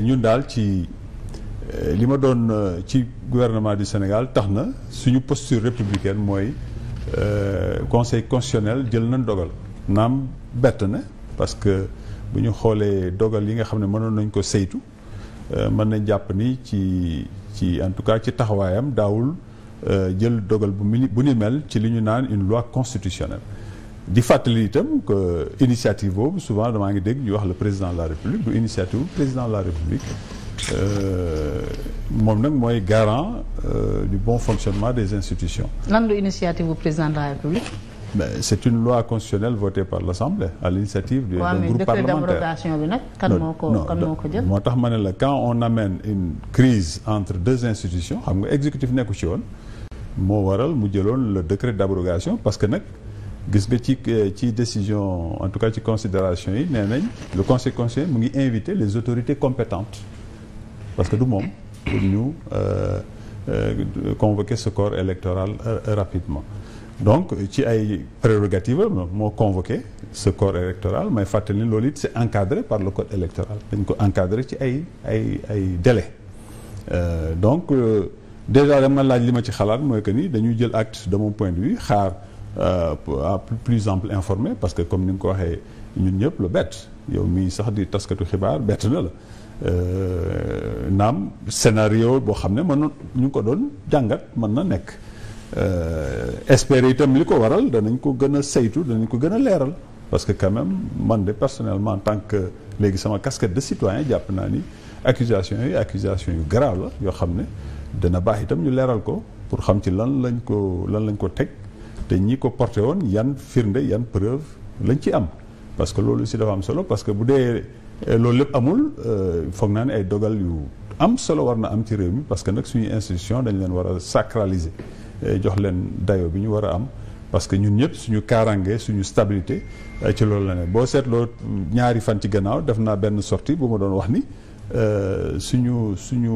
ñun daal ci euh, li ma doon euh, ci gouvernement du Sénégal tax na suñu posture républicaine mooy euh, conseil constitutionnel jël nañ dogal naam bett na parce que bu ñu xoolee dogal yi nga xam ne mënoon nañ ko saytu mën nañ jàpp ni ci ci en tout cas ci taxawaayam daawul jël dogal bu bu ni mel ci li ñu naan une loi constitutionnel di fàttali itam que initiative boobu souvent damaa ngi dégg ñu wax le président de la république du initiative président de la république euh, moom nag mooy garant euh, du bon fonctionnement des institutions. lan du initiative bu président de la république. mais c'est une loi constitutionnelle votée par l'Assemblée à l'initiative du ouais, groupe parlementaire bi nag kan moo ko moo jël moo tax ma ne la quand on amène une crise entre deux institutions xam nga exécutif nekku ci woon moo waral mu jëloon le décret d'abrogation parce que nag gis nga ci euh, ci décision en tout cas ci considération yi nee nañ le conseil conseil mu ngi invité les autorités compétentes parce que du moom pour ñu euh, euh, convoquer ce corps électoral rapidement donc ci ay prérogatives moo convoqué ce corps électoral may fàttali ni loolu it c'est encadré par le code électoral dañ ko encadré ci ay ay ay délai donc déjà dama laaj li ma ci xalaat mooy que nii dañuy jël acte de mon point de vue xaar Euh, à plus ample informé parce que comme ni nga ko waxee ñun ñëpp la bett yow mii sax di taskatu xibaar bett na la euh, naam scénario boo xam ne mën na ñu ko doon jàngat man na nekk euh, espérer itam li ko waral danañ ko gën a saytu danañ ko gën a leeral parce que quand même man de personnellement en tant que léegi sama casquette de citoyen jàpp naa ni accusation yi accusation yu grave la yoo xam ne dana baax itam ñu leeral ko pour xam ci lan lañ ko lan lañ ko teg te ñi ko porté woon yan firnde yan preuve lañ ci am parce que loolu si dafa am solo parce que bu dee eh, loolu lépp amul euh, foog naa ne ay dogal yu am solo war na am ci réew mi parce que nag suñu institution dañ leen war a sacraliser eh, jox leen dayo bi ñu war a am parce que ñun ñëpp suñu kaarange suñu stabilité eh, ci loolu la ne boo seetloo ñaari fan ci gannaaw def naa benn sortie bu ma doon wax ni euh, suñu suñu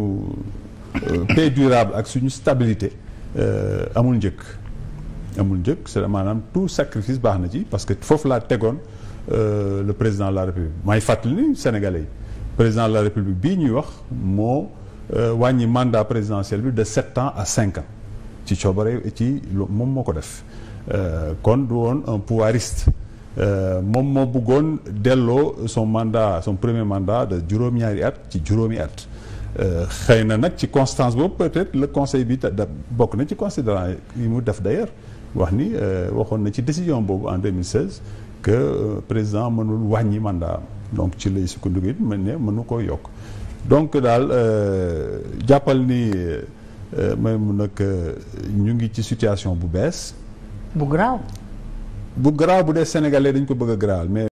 euh, paix durable ak suñu stabilité amul njëkk amul njëkk c'est maanaam tout sacrifice baax na ci parce que foofu laa tegoon euh, le président de la république may fàttali ni sénégalais yi président de la république bii ñuy wax moo euh, wàññi mandat présidentiel bi de sept ans à cinq ans ci coobare ci moom moo ko def euh, kon du woon un pouvoiriste moom moo bëggoon delloo son mandat son premier mandat de juróom-ñaari at ci juróomi at xëy na nag ci constance boobu peut-être le conseil bi da bokk na ci considérant yi mu def d'ailleurs wax ni euh, waxoon na ci décision boobu en 2016 que euh, président mënul wàññi mandat donc ci lay sukkandiku it mel ne mënu koo yokk donc daal euh, jàppal ni may mu nag ñu ngi ci situation bu bees. bu garaaw. bu garaaw bu dee sénégalais dañ ko bëgg a mais.